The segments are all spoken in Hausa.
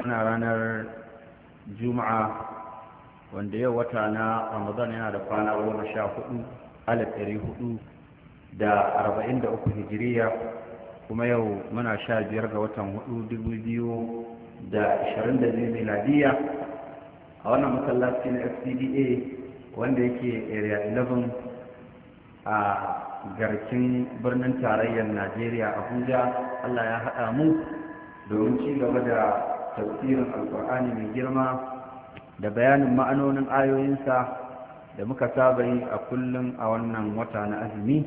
muna ranar juma'a wanda yau wata na ramadan yana da kwana goma sha hudu alif dari hudu da arba'in da uku hijiriya kuma yau muna sha biyar ga watan hudu dubu biyu da ashirin da biyu miladiya a wannan masallaci na fcda wanda yake area 11 a garkin birnin tarayyar najeriya abuja allah ya haɗa mu domin ci gaba da tafsirin alkur'ani mai girma da bayanin ma'anonin ayoyinsa da muka saba yi a kullum a wannan wata na azumi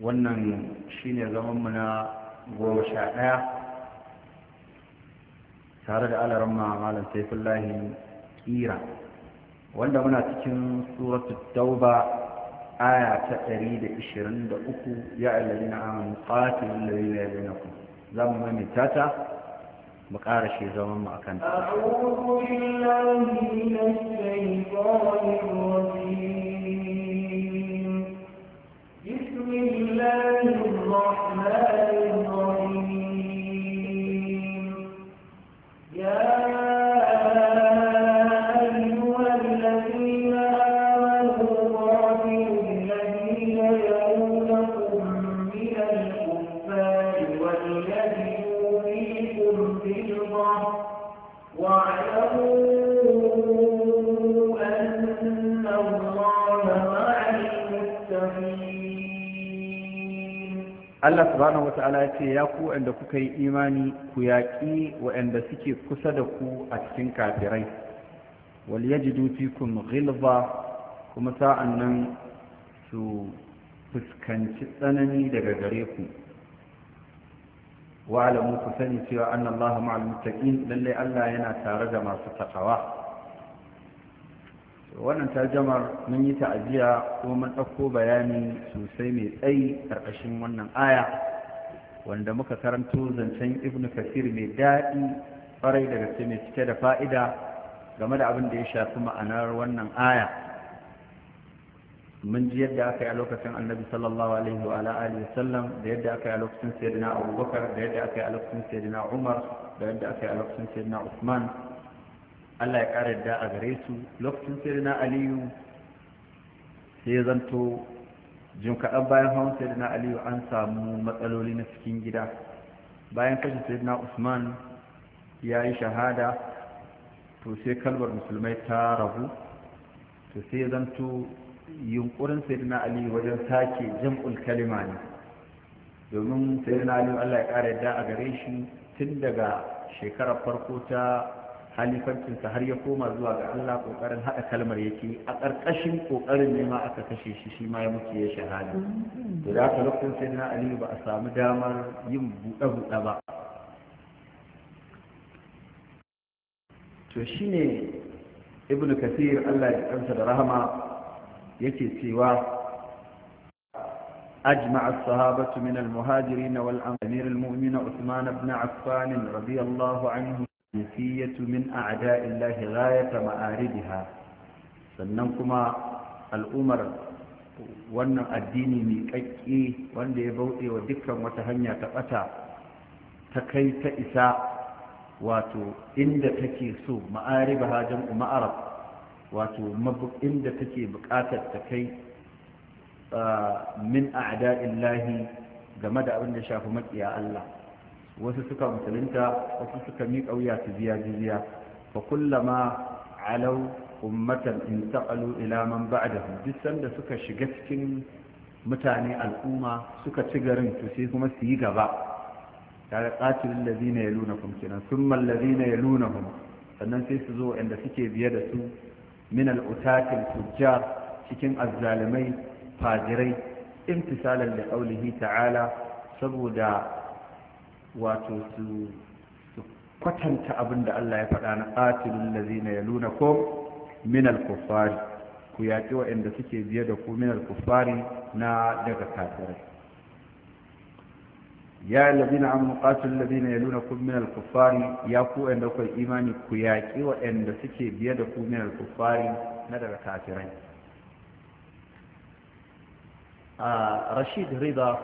wannan shine zamanmu na goma sha ɗaya tare da alaran malam saifullahi kira wanda muna cikin suratu tauba aya ta 123 ya ayyuhallazina na qatilu alladhina ku. zamu mai tata mu ƙara shi zaman mu akan ta subhanahu wata'ala ya ce ya ku wanda kuka yi imani ku yaƙi wa'anda suke kusa da ku a cikin kafirai wal yajidu fikum ghilza kuma sa'an nan su fuskanci tsanani daga gare ku alamu ku sani cewa annan Allah ma'al muttaqin lalle Allah yana tare da masu takawa wannan tarjamar mun yi ta'aziya ko mun ɗauko bayani sosai mai tsayi ƙarƙashin wannan aya wanda muka karanto zancen ibnu kasir mai daɗi farai daga gaske mai cike da fa'ida game da abin da ya shafi ma'anar wannan aya mun ji yadda aka yi a lokacin annabi sallallahu alaihi wa alihi sallam da yadda aka yi a lokacin sayyidina abubakar da yadda aka yi a lokacin sayyidina umar da yadda aka yi a lokacin sayyidina usman allah ya ƙara yadda a gare su lokacin sayyidina aliyu sai ya zanto jin kaɗan bayan hawan na aliyu an samu matsaloli na cikin gida bayan kashe na usman ya yi shahada to sai kalbar musulmai ta rabu to sai zanto yunkurin na aliyu wajen sake jam'ul kalima ne domin na aliyu allah ya ƙara yadda a gare shi tun daga shekarar farko ta halifancinsa har ya koma zuwa ga Allah kokarin haɗa kalmar yake a ƙarƙashin kokarin ne ma aka kashe shi shi ma ya mutu ya shahada to da aka lokacin sai na aliyu ba a samu damar yin buɗe-buɗe ba to shine ibnu kasir Allah ya kansa da rahama yake cewa أجمع الصحابة من المهاجرين والأمير المؤمن عثمان بن عفان رضي الله عنه الجنسية من أعداء الله غاية sannan kuma al'ummar wannan addini mai ƙaƙƙi wanda ya bauɗe wa dukkan wata hanya ta ɓata ta kai ta isa wato inda take so ma'ariba hajjan arab wato inda take buƙatar ta kai min a'da'illahi game da abin da shafi maƙiya Allah wasu suka musulunta wasu suka miƙa wuya su biya jizya fa kullama alau ummatan intaqalu ila man ba'dahum duk sanda suka shiga cikin mutane al'umma suka ci garin to sai kuma su yi gaba tare qatilul ladina yalunakum kinan thumma alladina yalunahum sannan sai su zo inda suke biye da su min al'utatil tujjar cikin azzalimai fajirai imtisalan da qaulihi ta'ala saboda wato su kwatanta abin da Allah ya faɗa na ya lazina ko minal kuffari ku yaƙi waɗanda suke biye da ku minal kuffari na daga kafirai ya allazina na qatilul lazina ku minal kuffari ya ku waɗanda kuwa imani ku yaƙi waɗanda suke biye da ku minal kuffari na daga kafirai a ah, Rashid Rida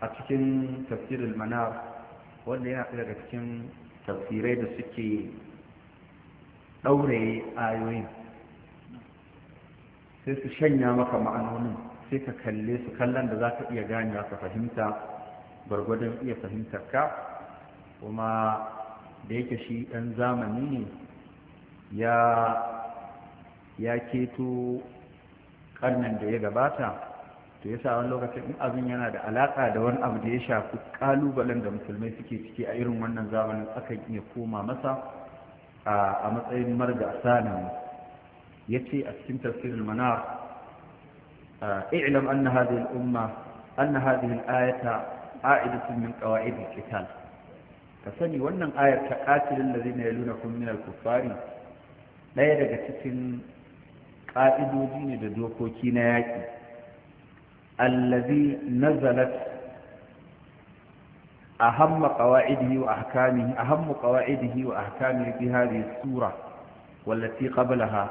a cikin tafsirin Manar wanda yana ɗaya daga cikin tafsirai da suke ɗaure ayoyin sai su shanya maka ma'anonin sai ka kalle su kallon da za ka iya ganewa ka fahimta gwargwadon iya fahimtar ka kuma da yake shi ɗan zamani ne ya ya keto ƙarnin da ya gabata to yasa wani lokacin in abin yana da alaka da wani abu da ya shafi kalubalen da musulmai suke ciki a irin wannan zamanin akan iya koma masa a matsayin marga asana ya ce a cikin tafsirin mana i'lam anna hadhihi al-umma anna hadhihi al-ayata a'idatun min qawa'id al-qital ka sani wannan ayar ta qatilul ladina yalunakum min al-kuffari daya daga cikin ƙa'idoji ne da dokoki na yaƙi allazi nazalat أهم قواعده وأحكامه أهم قواعده وأحكامه في هذه السورة والتي قبلها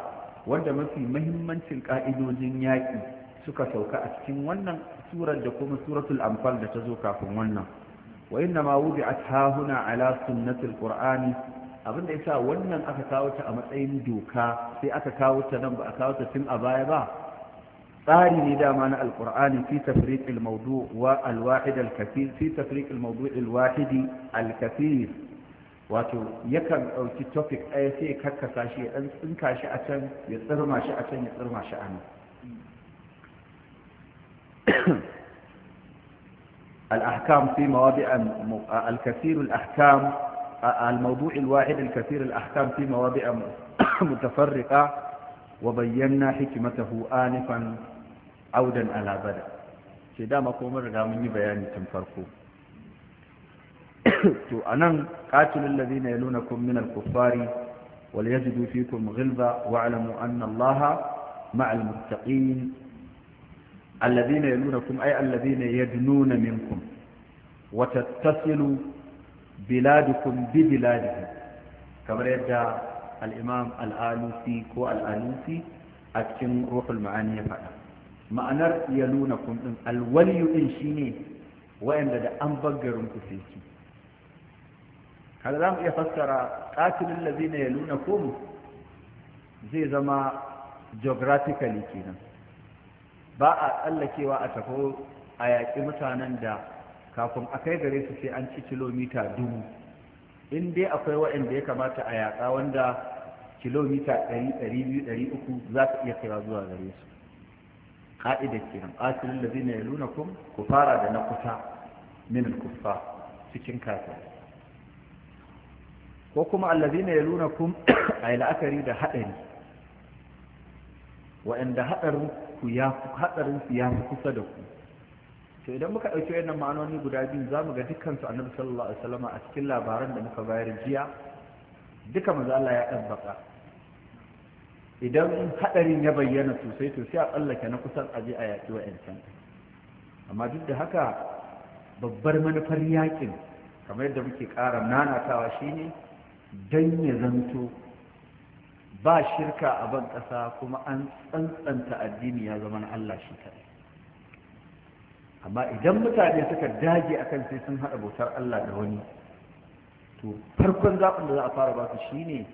wanda mafi mahimmancin ƙa'idodin yaƙi suka sauka a cikin wannan surar da kuma suratul amfal da ta zo kafin wannan wa inna ma wudi'at hahuna ala sunnatil qur'ani abinda sa wannan aka kawo ta a matsayin doka sai aka kawo ta nan ba a kawo ta tun a baya ba قاري لي ذا معنى القرآن في تفريق الموضوع والواحد الكثير في تفريق الموضوع الواحد الكثير واتو يكن أو في توبيك أي شيء كك أن إن كاشي أتن يضر ما شاء أتن يضر أنا الأحكام في مواضع الكثير الأحكام الموضوع الواحد الكثير الأحكام في مواضع متفرقة وبينا حكمته آنفاً audan alabada ke dama ko mun riga mun yi bayani tun farko to anan qatilul ladina yalunakum min al-kuffari wal yajidu fikum ghilza wa'lamu anna allaha ma'al muttaqin الذين يلونكم أي الذين يدنون منكم وتتصل بلادكم ببلادهم كما يدى الإمام الآلوسي a cikin أكتن روح ya faɗa. ma'anar ya nuna kun ɗin alwaliyu ɗin shi ne wayanda da an bangaren ku sai ki za mu iya fassara ƙatilin lazina ya nuna zai zama geographically kenan ba a tsallakewa a tafi a yaƙi mutanen da kafin a kai gare su sai an ci kilomita dubu in dai akwai waɗanda ya kamata a yaƙa wanda kilomita ɗari ɗari biyu ɗari za su iya kaiwa zuwa gare su ka'ida kenan ya ladina yalunakum ku fara da na kusa min al cikin kafirai ko kuma allazina a yi la'akari da haɗari wa'anda hadarin ku ya hadarin ya kusa da ku to idan muka ɗauki wannan ma'anoni guda biyu za mu ga dukkansu su annabi sallallahu alaihi wasallam a cikin labaran da muka bayar jiya duka maza Allah ya dabbaka idan hadarin ya bayyana sosai to sai a tsallake na kusan aje a yaƙi wa'yancan amma duk da haka babbar manufar yakin, kamar yadda muke ƙara nanatawa shine don ya zanto ba shirka a ban ƙasa kuma an tsantsanta addini ya zama na Allah shi kaɗai amma idan mutane suka dage akan sai sun haɗa bautar Allah da wani to farkon zaɓin da za a fara ba su shine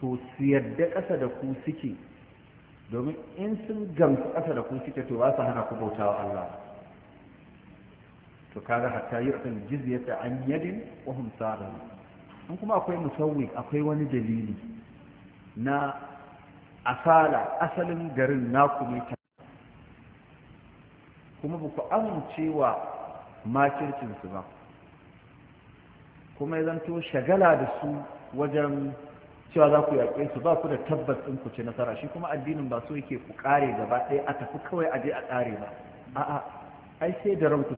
to su yadda ƙasa da ku suke domin in sun gamsu ƙasa da ku suke to ba su hana ku bauta wa Allah to kaga hatta yi akan jizyata an yadin wa hum in kuma akwai musawwi akwai wani dalili na asala asalin garin na naku ta kuma ba ku amincewa makircinsu ba kuma ya zanto shagala da su wajen cewa za ku yaƙe su ba ku da tabbas ɗin ku ci nasara shi kuma addinin ba so yake ku ƙare gaba ɗaya a tafi kawai a je a ƙare ba a'a ai sai da ranku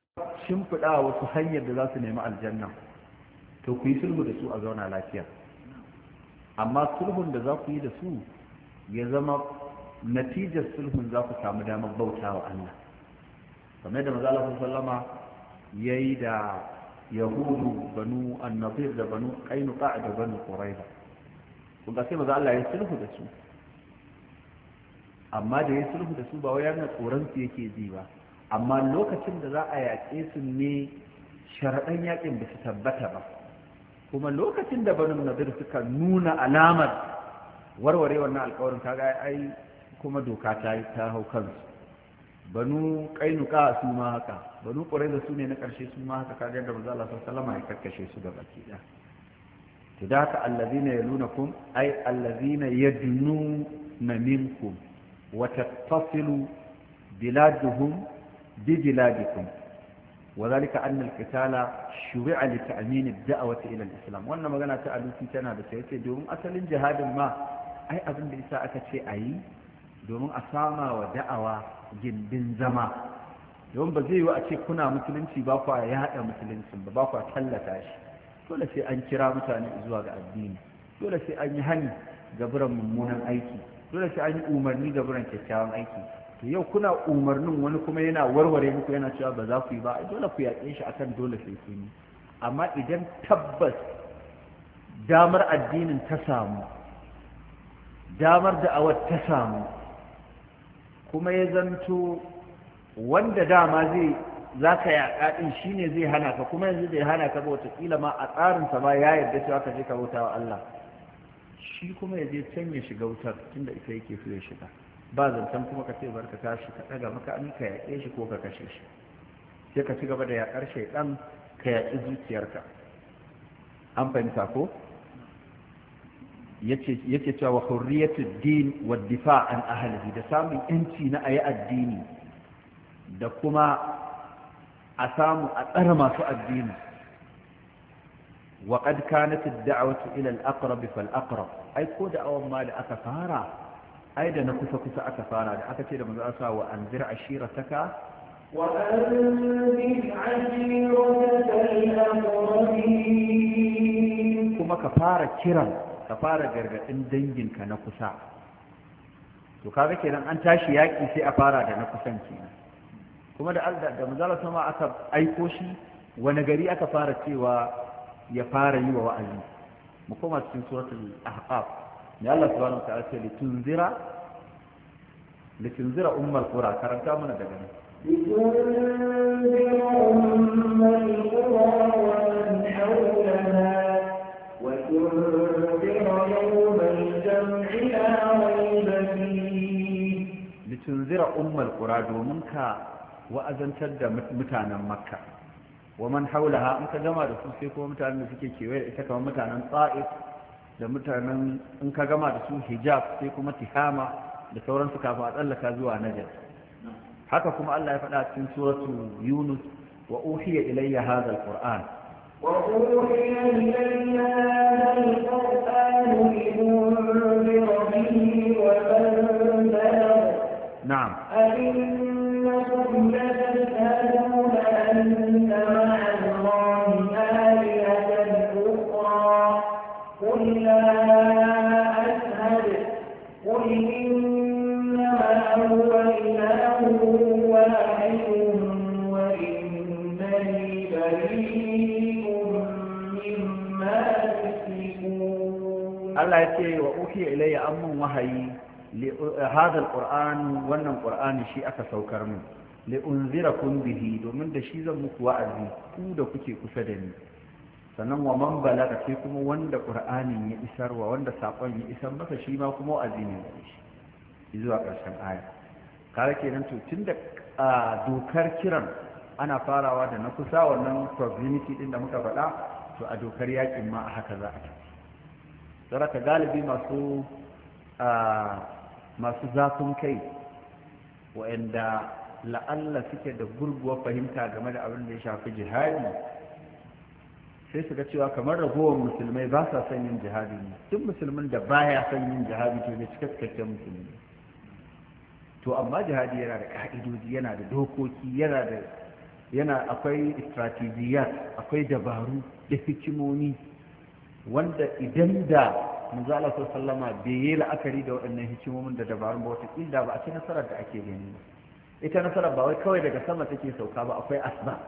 shimfiɗa wasu hanyar da za su nemi aljanna to ku yi sulhu da su a zauna lafiya amma sulhun da za ku yi da su ya zama natijar sulhun za ku samu damar bauta wa Allah kamar da maza Allah sallama ya yi da yahudu banu annabir da banu kainuka da banu ƙuraiba kun sai maza Allah ya sulhu da su amma da ya sulhu da su ba wai yana tsoron su yake ji ba amma lokacin da za a yaƙe su ne sharaɗan yaƙin ba su tabbata ba kuma lokacin da banu nadir suka nuna alamar warware wannan alƙawarin ga ai kuma doka ta yi ta hau kansu banu kainuka su ma haka banu ƙurai da su ne na ƙarshe su ma haka kaga yadda manzo Allah sallallahu alaihi wasallam ya karkashe su da baki da da aka allazi na yalu na kun ai allazi na ya dunu na min kun wata tasiru biladuhun bi biladikun wazalika annal kitala shuri'a li ta'min ad-da'wati ila al-islam wannan magana ta alusi tana da sai sai domin asalin jihadin ma ai abin da isa aka ce ayi domin a sama wa da'awa gindin zama domin ba zai yi a ce kuna musulunci ya ku haɗa musuluncin ba ba ku tallata shi dole sai an kira mutane zuwa ga addini dole sai an yi hani ga buran mummunan aiki dole sai an yi umarni ga buran kyakkyawan aiki to yau kuna umarnin wani kuma yana warware muku yana cewa ba za ku yi ba dole ku yaƙe shi akan dole sai ku yi amma idan tabbas damar addinin ta samu damar da da'awar ta samu kuma ya zanto wanda dama zai za ka yi ɗin shi ne zai hana ka kuma yanzu zai hana ka ba watakila ma a tsarin ba ya yarda cewa ka je ka bauta wa Allah shi kuma ya je can ya shiga wutar tunda ita yake so ya shiga ba zancen kuma ka ce barka tashi ka ɗaga maka an ka yaƙe shi ko ka kashe shi sai ka ci gaba da yaƙar shaiɗan ka yaƙi zuciyarka an fahimta ko yake cewa wa hurriyatu din wa difa an ahlihi da samun yanci na ayi addini da kuma a samu a tsara masu addini waƙad na da'awatu ila al-aqrab fa al-aqrab ai ko da awan ma da aka fara ai da na kusa kusa aka fara da aka ce da manzo Allah wa anzir ashirataka wa anzir ashirataka kuma ka fara kiran ka fara gargadin danginka na kusa to kaga kenan an tashi yaki sai a fara da na kusanci kenan kuma da Allah da manzala sama aka aiko shi wani gari aka fara cewa ya fara yi wa wa'azi mu koma cikin suratul ahqaf ne Allah subhanahu wa ta'ala ce litunzira ummul qura karanta mana daga nan litunzira ummul qura wa domin ka wa'azantar da mutanen makka wa man haulaha in ka gama da su sai kuma mutanen da suke kewaye da ita kamar mutanen tsa'if da mutanen in ka gama da su hijab sai kuma tihama da sauransu kafin a tsallaka zuwa najar haka kuma Allah ya faɗa cikin suratu yunus wa uhiya ilayya hadha alquran wa uhiya ilayya alquran na'am Allah ya ce wa uhiya ilayya amman wahayi هذا القرآن وأن القرآن شيء أكثر من لأنذركم bihi domin da shi zan muku wa'azi ku da kuke kusa da ni sannan wa man balaga sai kuma wanda qur'anin ya isar wa wanda sakon ya isar masa shi ma kuma wa'azi ne shi zuwa karshen aya kare kenan to tunda dokar kiran ana farawa da na kusa wannan proximity din da muka faɗa to a dokar yakin ma a haka za a tafi don ka galibi masu masu zafin kai waanda la'alla suke da gurguwa fahimta game da abin da ya shafi jihadi sai su ga cewa kamar ragowar musulmai ba sa son yin jihadi ne duk musulmin da baya son yin jihadi to ne cika cikakken musulmi to amma jihadi yana da ka'idoji yana da dokoki yana da yana akwai strategiyar akwai dabaru da hikimomi wanda idan da manzo Allah sallama bai yi la'akari da waɗannan hikimomin da dabarun ba wata kila ba a ci nasarar da ake gani ita nasarar ba wai kawai daga sama take sauka ba akwai asba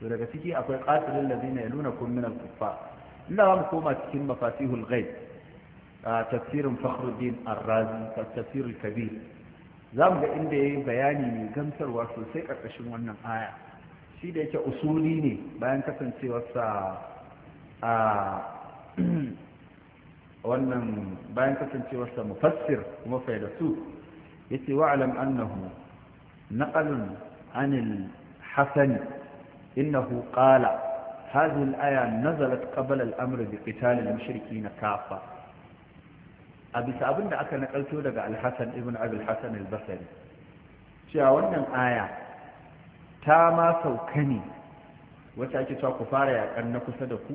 to daga ciki akwai qatilul ladina yalunakum min al-kuffar inda ba mu koma cikin mafatihul ghaib tafsirin fakhruddin ar-razi tafsir kabir za mu ga inda yayi bayani mai gamsarwa sosai karkashin wannan aya shi da yake usuli ne bayan kasancewarsa a wannan bayan kasancewarsa mufassir kuma faidatu yace wa'lam annahu naqalun anil hasani innahu qala هذه الآية نزلت قبل الأمر بقتال المشركين كافة أبي سأبن دعك نقلته لك الحسن ابن أبي الحسن البصري شاونا آية تاما سوكني وتأتي تاكو فاريا أن نكسدكو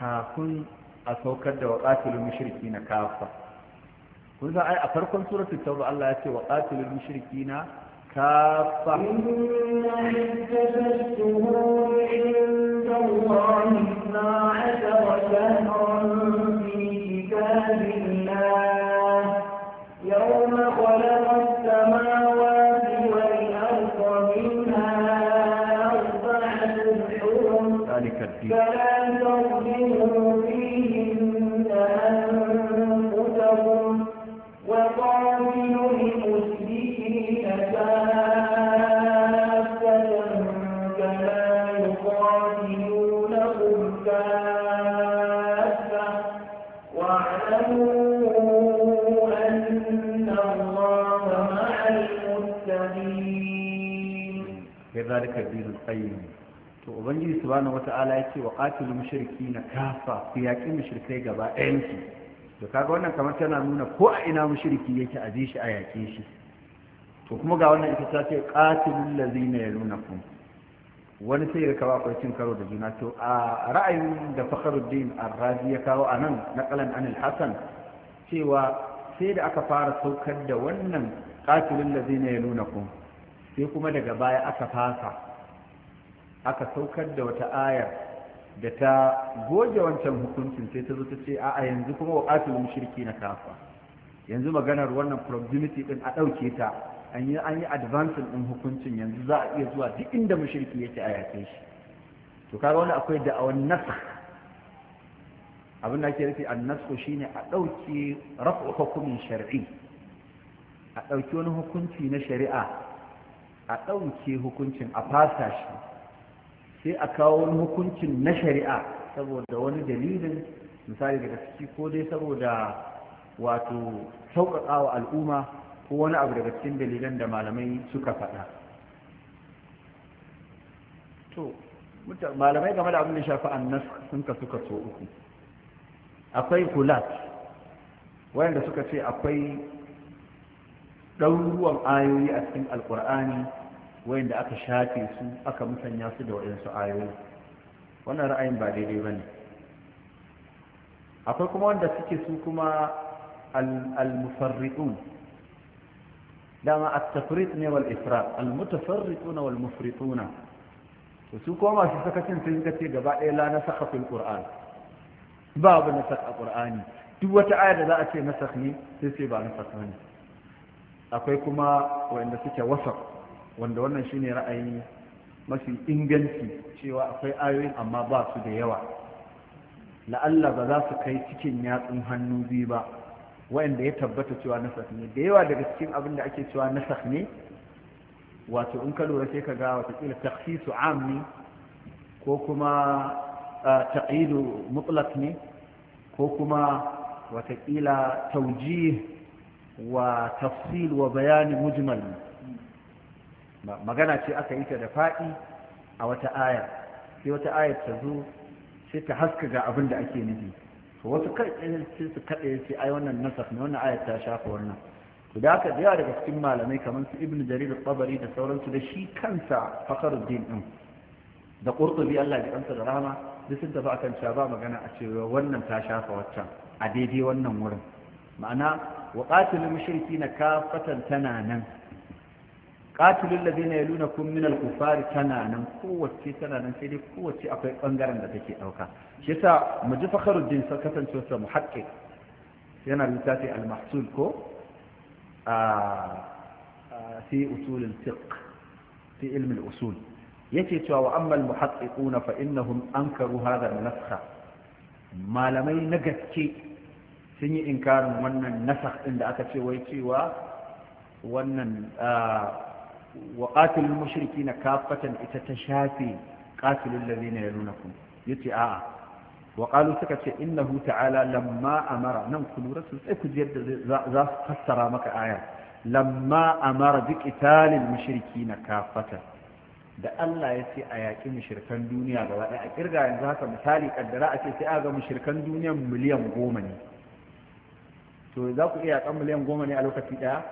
kafin a saukar da waƙatilul mushriki na kafa kun san ai a farkon suratul tauba Allah ya ce waƙatilul mushriki na kafa يوم خلق السماوات ذلك الدين ubangiji subhanahu wata'ala ya ce wa qatilul mushrikina kafa ku yaqi mushrikai gaba ɗayan su to kaga wannan kamar tana nuna ko a ina mushriki yake a shi a yaƙe shi to kuma ga wannan ita ta ce qatilul ladzina yalunakum wani sai ya kawo akwai cin karo da juna to a ra'ayin da fakhruddin ar-razi ya kawo anan naqalan anil hasan cewa sai da aka fara saukar da wannan qatilul ladzina yalunakum sai kuma daga baya aka fasa aka saukar da wata ayar da ta goge wancan hukuncin sai ta zo ta ce a'a yanzu kuma wa qatilul shirki na kafa yanzu maganar wannan proximity din a dauke ta an yi an yi advancing din hukuncin yanzu za a iya zuwa duk inda mushriki yake a yake shi to kaga wani akwai awan nasa, abin da ake nufi annasku shine a dauke raf'u hukumin shar'i a ɗauki wani hukunci na shari'a a ɗauke hukuncin a fasa shi sai a kawo wani hukuncin na shari'a saboda wani dalilin misali daga ciki ko dai saboda wato sauƙaƙa wa al'umma ko wani abu daga cikin dalilan da malamai suka faɗa to malamai game da abin da shafi annas sun ka suka so uku akwai kulat wayanda suka ce akwai ɗaruruwan ayoyi a cikin alƙur'ani wayanda aka shafe su aka musanya su da waɗansu ayoyi wannan ra'ayin ba daidai ba ne akwai kuma wanda suke su kuma al-mufarriqun dama at-tafriq ne wal ifrat al-mutafarriquna wal mufrituna to su kuma masu sakacin sun suka ce gaba ɗaya la nasakha fil qur'an babu nasakha qur'ani duk wata aya da za a ce nasakh ne sai sai ba nasakh ne akwai kuma wanda suke wasaq wanda wannan shine ra'ayi mafi inganci cewa akwai ayoyin amma ba su da yawa la'alla ba za su kai cikin yatsun hannu biyu ba wa'anda ya tabbata cewa nasakh ne da yawa daga cikin abin da ake cewa nasakh ne wato in ka lura sai ka ga watakila takhsisu am ne ko kuma taqidu mutlaq ne ko kuma watakila taujih wa tafsil wa bayani mujmal ne magana ce aka yi ta da faɗi a wata aya sai wata ayar ta zo sai ta haska ga abin da ake nufi to wasu kai sai su kaɗe sai ai wannan nasaf ne wannan ta shafa wannan to da haka daga cikin malamai kamar su ibnu jarir al da sauransu da shi kansa fakhruddin din da qurtubi Allah ya kansa da rahama duk sun tafi akan cewa ba magana a cewa wannan ta shafa waccan a daidai wannan wurin ma'ana wa qatilul mushrikeena kafatan tana nan qatilul ladina yalunakum min al kufari tana nan kowace tana nan sai dai kowace akwai bangaren da take dauka shi yasa mu ji fakharuddin sa kasance sa muhaqqiq yana littafi al-mahsul ko a fi usul fiqh fi al-usul yake cewa wa amma al-muhaqqiquna fa innahum ankaru hadha al-nasakh malamai na gaske sun yi inkarin wannan nasakh din da aka ce wai cewa wannan wa qatilul mushrikina kaffatan ita ta shafe qatilul ladina yalunakum yace a'a wa qalu suka ce innahu ta'ala lamma amara nan ku lura sosai ku yadda za su fassara maka aya lamma amara bi qitalil mushrikina kaffatan da Allah ya ce a yaƙi mushirkan duniya gaba ɗaya a kirga yanzu haka misali kaddara a ce sai a ga mushirkan duniyan miliyan goma ne to za ku iya yaƙan miliyan goma ne a lokaci ɗaya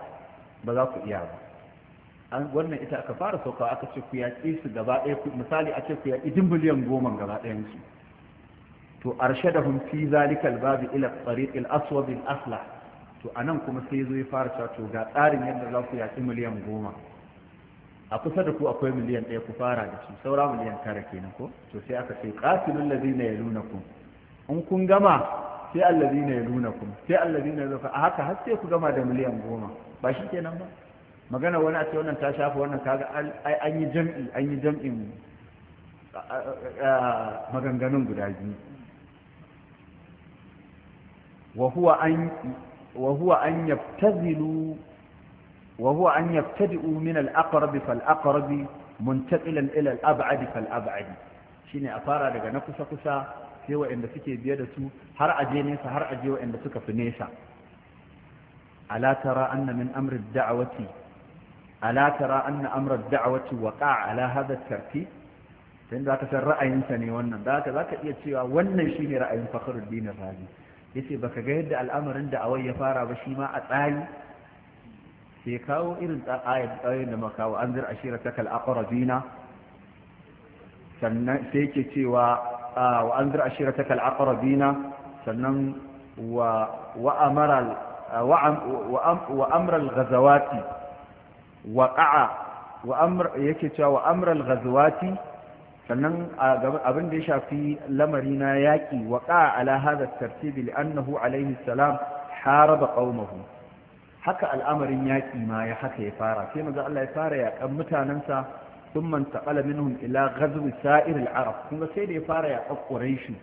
ba za ku iya ba wannan ita aka fara sauka aka ce ku yaƙi su gaba ɗaya misali a ce ku yaƙi din miliyan goma gaba ɗayan su to arshadahum fi zalika albabi ila tariq al-aswad al asla to anan kuma sai zo ya fara cewa to ga tsarin yadda za ku yaƙi miliyan goma a kusa da ku akwai miliyan ɗaya ku fara da shi saura miliyan tara kenan ko to sai aka ce qatilul ladina yalunakum in kun gama sai allazina yalunakum sai allazina yalunakum a haka har sai ku gama da miliyan goma ba shi kenan ba magana wani a ce wannan ta shafi wannan kaga an yi jam'i an yi jam'in maganganun guda biyu وهو أن وهو أن يبتذلوا وهو أن يبتدئوا من الأقرب فالأقرب منتقلا إلى الأبعد فالأبعد شيني أفارا لغا نكسا كسا سوى إن سكي بيدسو هر أجي نيسا هر أجي وإن سكا في نيسا ألا ترى أن من أمر الدعوة ala tara anna amra da'wati waqa'a ala hadha tartib sai za ka san ra'ayinsa ne wannan za ka iya cewa wannan shine ra'ayin fakhruddin razi yace baka ga yadda al'amarin da awai ya fara ba shi ma a tsari sai kawo irin ayat ayoyin da muka kawo anzir ashiratakal aqrabina sannan sai yake cewa wa anzir ashiratakal aqrabina sannan wa wa wa waƙa'a yake cewa wa amural gazuwati sannan abin da ya shafi lamari na yaƙi waƙa'a alahazar tartibi annahu alaihi salam haraba ƙaunahu haka al'amarin yaƙi ma ya haka ya fara sai maza Allah ya fara yaƙan mutanensa sun man taɓala minhum ila gazuwi sa'ir kuma sai da ya fara yaƙan ƙuraishi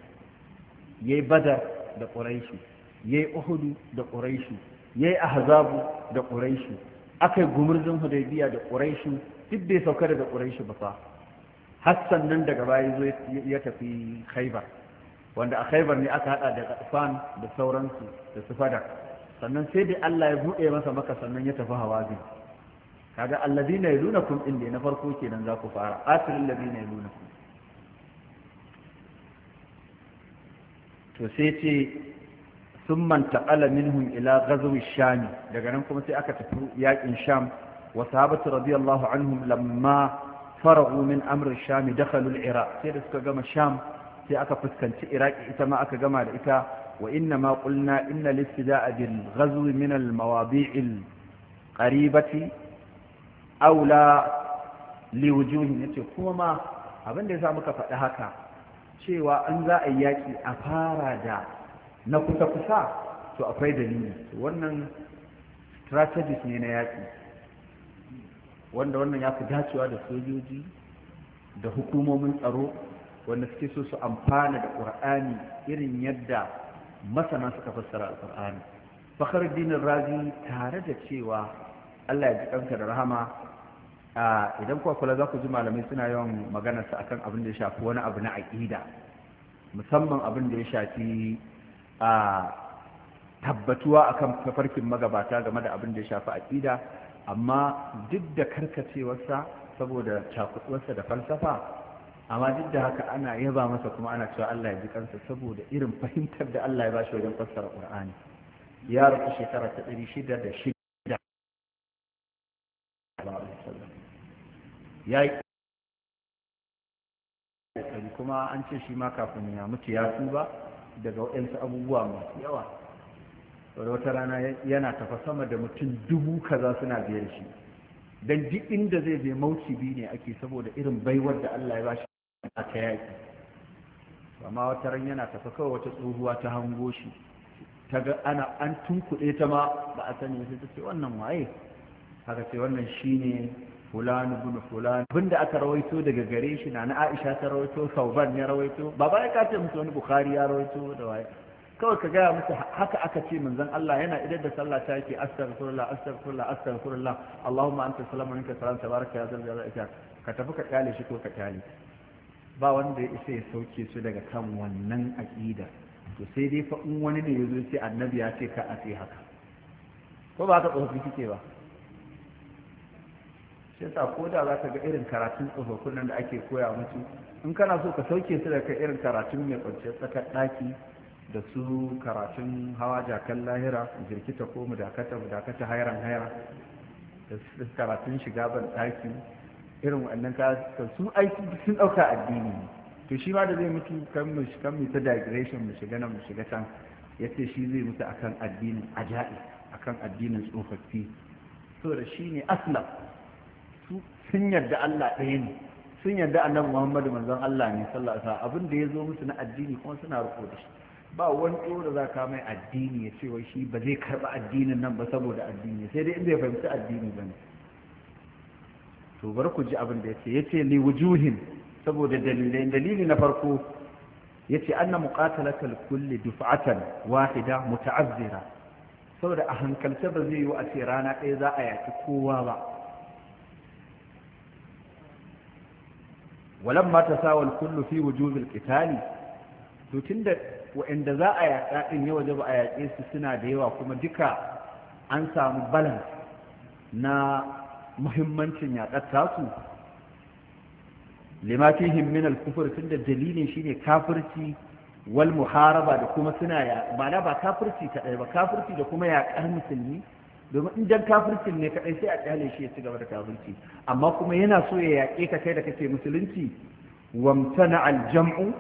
ya yi badar da ƙuraishi ya yi uhudu da ƙuraishi ya yi ahazabu da ƙuraishi aka yi gumurzin hudaybiya da quraishu duk bai sauka daga quraishu ba fa hassan nan daga baya zo ya tafi khaibar wanda a khaibar ne aka hada da qatfan da sauransu da sufada sannan sai dai Allah ya buɗe masa maka sannan ya tafi hawazin kaga alladina yalunakum inda na farko kenan za ku fara asirin alladina yalunakum to sai ce sun manta minhum ila gazawi shami daga nan kuma sai aka tafi yakin sham wa sahabatu radiyallahu anhum lamma fara'umin min amrin shami dakhalul iraq sai da suka gama sham sai aka fuskanci iraki ita ma aka gama da ita wa inna ma qulna inna da abin ghazwi min al karibati qaribati aula liwujuhin yace kuma ma abin da yasa muka faɗi haka cewa an za a yi yaƙi a fara da na kusa-kusa to akwai dalili wannan strategies ne na yaƙi wanda wannan ya fi dacewa da sojoji da hukumomin tsaro wanda suke so su amfana da ƙur'ani irin yadda masana suka fassara alƙur'ani dinin razi tare da cewa Allah ya ji kanka da rahama idan kuwa kula za ku ji malamai suna yawan maganarsa akan abin da ya shafi wani abu na aƙida musamman abin da ya shafi a tabbatuwa akan tafarkin magabata game da abin da ya shafi aƙida amma duk da karkacewarsa saboda cakuɗuwarsa da falsafa amma duk da haka ana yaba masa kuma ana cewa Allah ya ji kansa saboda irin fahimtar da Allah ya ba shi wajen fassara Qur'ani ya rufe shekara ta ɗari shida da shida ya yi kuma an ce shi ma kafin ya mutu ya tuba daga waɗansu abubuwa masu yawa wadda wata rana yana tafa sama da mutum dubu kaza suna biyar shi don duk inda zai mauci biyu ne ake saboda irin baiwar da Allah ya bashi a ta yaki. amma wata ran yana tafa kawai wata tsohuwa ta hango shi ta ga ana an tunkuɗe ta ma ba a sani sai ta ce wannan waye haka sai wannan shine fulani bin fulani da aka rawaito daga gare shi na aisha ta rawaito sauban ya rawaito ba ba ya kace musu wani bukhari ya rawaito da waye kawai ka gaya musu haka aka ce manzon Allah yana idar da sallah ta yake astaghfirullah astaghfirullah astaghfirullah Allahumma anta salamu minka salam tabaraka ya zal jalal ka tafi ka kyale shi ko ka kyale ba wanda ya isa ya sauke su daga kan wannan aqida to sai dai fa in wani ne yazo sai annabi ya ce ka a sai haka ko ba ka tsofi kike ba shi yasa ko da za ka ga irin karatun tsofaffin nan da ake koya musu in kana so ka sauke su daga irin karatun mai kwanciyar tsakar ɗaki da su karatun hawa jakan lahira jirkita ko mudakata mudakata hairan haira da su karatun shiga ban ɗaki irin wannan karatun su aiki sun ɗauka addini to shi ma da zai mutu kan mu kan mu ta digression mu shiga nan mu shiga can yace shi zai mutu akan addinin aja'i akan addinin tsofaffi to da shi ne aslam sun yarda Allah ɗaya ne sun yarda annabi Muhammadu manzon Allah ne sallallahu alaihi wasallam abinda ya zo musu na addini kuma suna riko da shi ba wani tsoro da za ka mai addini ya ce wai shi ba zai karba addinin nan ba saboda addini sai dai in bai fahimci addini bane to bar ku ji abin da yace yace li wujuhin saboda dalilai dalili na farko yace anna muqatalatal kulli duf'atan wahida muta'azzira saboda a hankalta ba zai yi a ce rana ɗaya za a yaki kowa ba walamma tasawal kullu fi wujubil qitali to tunda wa'anda za a yaƙa din ya wajaba a yaƙe su suna da yawa kuma duka an samu balance na muhimmancin yaƙar tasu lima fihim min al-kufr tunda dalilin shine kafirci wal muharaba da kuma suna ya ba ba kafirci kadai ba kafirci da kuma yaƙar musulmi domin in dan kafircin ne kadai sai a kyale shi ya ci gaba da kafirci amma kuma yana so ya yaƙe ka kai da kake musulunci wamtana aljam'u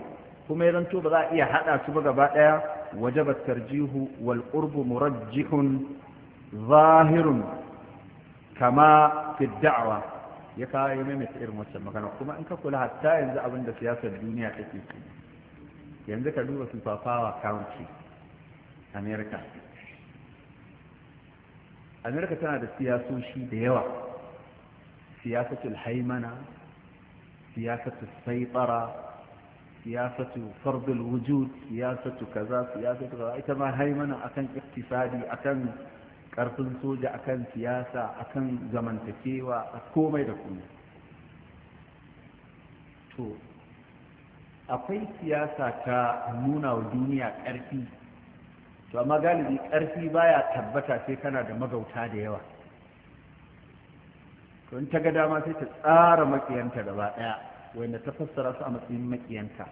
kuma ya zanto ba za a iya haɗa su ba gaba ɗaya wajaba tarjihu wal qurbu murajjihun zahirun kama fi da'wa ya kawo ya maimaita irin wancan magana kuma in ka kula hatta yanzu abin da siyasar duniya take yanzu ka duba super power country america amerika tana da siyasoshi da yawa siyasatul haimana siyasatul saitara siyasatul fardul wujud siyasatu kaza siyasatu kaza ita ma haimana akan iktisadi akan karfin soja akan siyasa akan zamantakewa a komai da komai to akwai siyasa ta nuna wa duniya ƙarfi to amma galibi ƙarfi baya tabbata sai kana da magauta da yawa to in ta ga dama sai ta tsara makiyanta gaba ɗaya wanda ta fassara su a matsayin makiyanta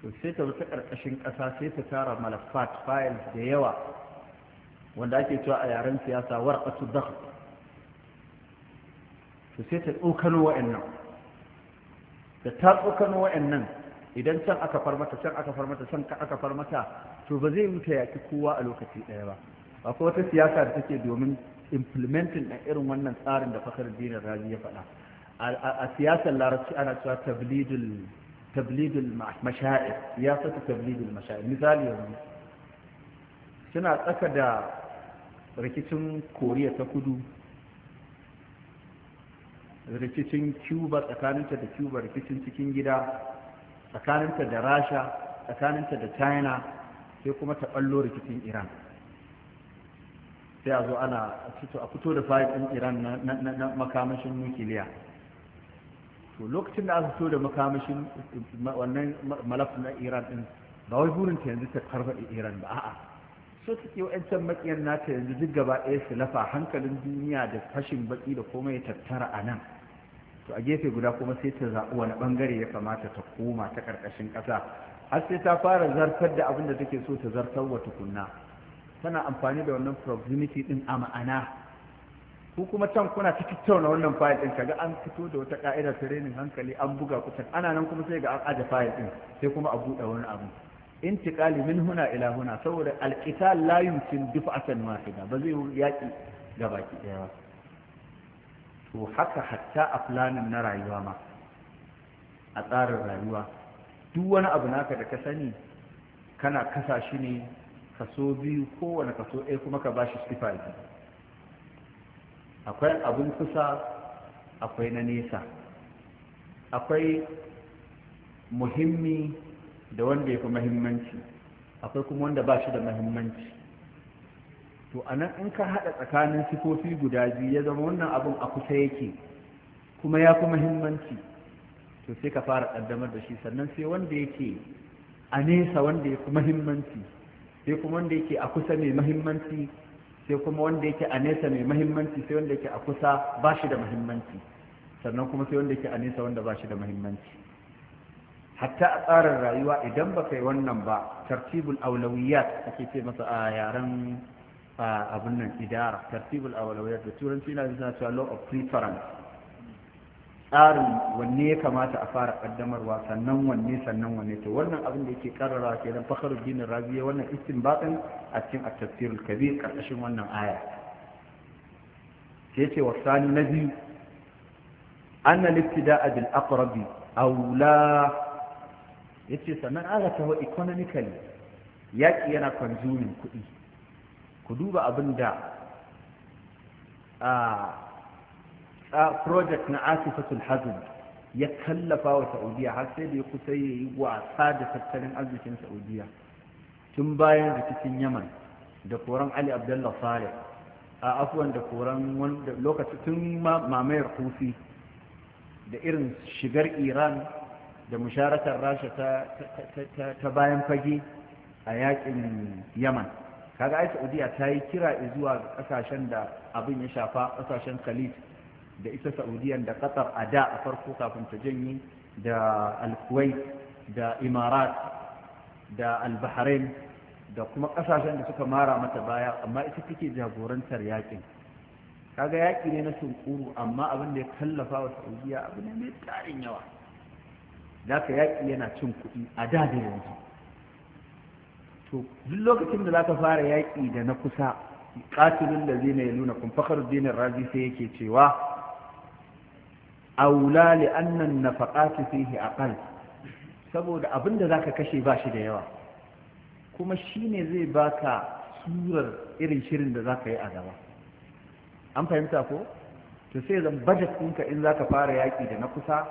to sai ta wuta ƙarƙashin ƙasa sai ta tara malafat files da yawa wanda ake cewa a yaren siyasa warqatu dakh to sai ta tsokano wa'annan da ta tsokano wa'annan idan can aka far mata can aka far mata can aka far mata to ba zai wuce yaki kowa a lokaci ɗaya ba akwai wata siyasa da take domin implementing na irin wannan tsarin da fakar dinin razi ya faɗa a siyasar larabci ana cewa tablidul tablidul mashaa'ir siyasar tablidul mashaa'ir misali yanzu suna tsaka da rikicin koriya ta kudu rikicin cuba tsakaninta da cuba rikicin cikin gida tsakaninta da rasha tsakaninta da china sai kuma ta ballo rikicin iran sai a zo ana a fito da fayil ɗin iran na makamashin nukiliya to lokacin da aka fito da makamashin wannan malaf na iran ɗin ba wai burin ta yanzu ta karfaɗe iran ba a'a so take wa'ancan maƙiyar nata yanzu duk gaba ɗaya su lafa hankalin duniya da fashin baki da komai ya tattara a nan to a gefe guda kuma sai ta zaɓi wani ɓangare ya kamata ta koma ta ƙarƙashin ƙasa har sai ta fara zartar da abin da take so ta zartar wa tukunna tana amfani da wannan proximity ɗin a ma'ana ku kuma can kuna ta tattauna wannan fayil ɗin kaga an fito da wata ƙa'idar training hankali an buga kusan ana nan kuma sai ga an aje fayil ɗin sai kuma a buɗe wani abu intiqali min huna ila huna saboda alqital la yumkin difa'atan wahida ba zai yaki gabaki ɗaya ba to haka hatta a planin na rayuwa ma a tsarin rayuwa duk wani abu naka da ka sani kana kasa shi ne kaso biyu kowane kaso ɗaya kuma ka ba shi sifa akwai abin kusa akwai na nesa akwai muhimmi da wanda ya fi mahimmanci akwai kuma wanda ba shi da mahimmanci to anan in ka haɗa tsakanin sifofi guda biyu ya zama wannan abin a kusa yake kuma ya fi muhimmanci to sai ka fara ƙaddamar da shi sannan sai wanda yake a nesa wanda ya fi muhimmanci sai kuma wanda yake a kusa mai muhimmanci sai kuma wanda yake a nesa mai muhimmanci sai wanda yake a kusa ba shi da muhimmanci sannan kuma sai wanda yake a nesa wanda ba shi da muhimmanci hatta a tsarin rayuwa idan ba kai wannan ba tartibul aulawiyat ake ce masa a yaren abin nan idara tartibul awalawiyat da turanci na zina cewa law of preference tsarin wanne ya kamata a fara kaddamarwa sannan wanne sannan wanne to wannan abin da yake karrara ke dan fakhruddin rabiya wannan istinbatin a cikin at-tafsirul kabir karkashin wannan aya sai ce wasani na biyu anna al-ibtida'a bil aqrabi aula yace sannan aka tawo economically yaki yana consuming kuɗi ku duba abin da a project na asifatul hazin ya kallafa wa saudiya har sai da ya kusa ya yi wasa da tattalin arzikin saudiya tun bayan rikicin yaman da koran ali abdullah a afuwan da koran lokacin tun mamayar kufi da irin shigar iran da musharatar rasha ta bayan fage a yakin yaman kaga ai saudiya ta yi kira zuwa ga kasashen da abin ya shafa kasashen Khalif da ita Saudiyya da qatar a da a farko kafin ta janyi da al-kuwait da imarat da al-bahrain da kuma kasashen da suka mara mata baya amma ita take jagorantar yakin kaga yaki ne na sunkuru amma abin da ya kallafa wa saudiya abu ne mai tarin yawa zaka yaki yana cin kuɗi a da da yanzu to duk lokacin da za ka fara yaƙi da na kusa ƙatilun da zina ya nuna kumfakar dinin razi sai yake cewa aula li annan nafaqatu fihi aqal saboda abin da zaka kashe ba shi da yawa kuma shi ne zai baka surar irin shirin da zaka yi a gaba an fahimta ko to sai zan bajet ɗinka in zaka fara yaƙi da na kusa